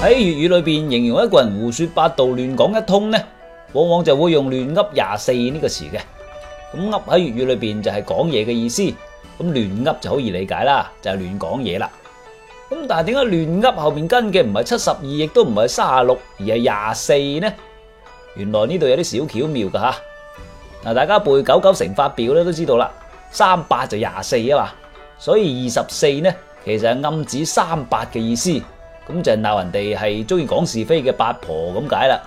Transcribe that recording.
喺粵語裏邊，形容一個人胡說八道、亂講一通呢，往往就會用亂噏廿四呢個詞嘅。咁噏喺粵語裏邊就係講嘢嘅意思，咁亂噏就好易理解啦，就係亂講嘢啦。咁但係點解亂噏後邊跟嘅唔係七十二，亦都唔係卅六，而係廿四呢？原來呢度有啲小巧妙噶吓。嗱，啊，大家背九九乘法表咧都知道啦，三八就廿四啊嘛，所以二十四呢其實係暗指三八嘅意思。咁就鬧人哋係鍾意講是非嘅八婆咁解啦。